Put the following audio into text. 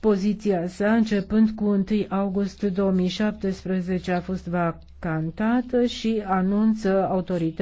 Poziția sa, începând cu 1 august 2017, a fost vacantată și anunță autoritățile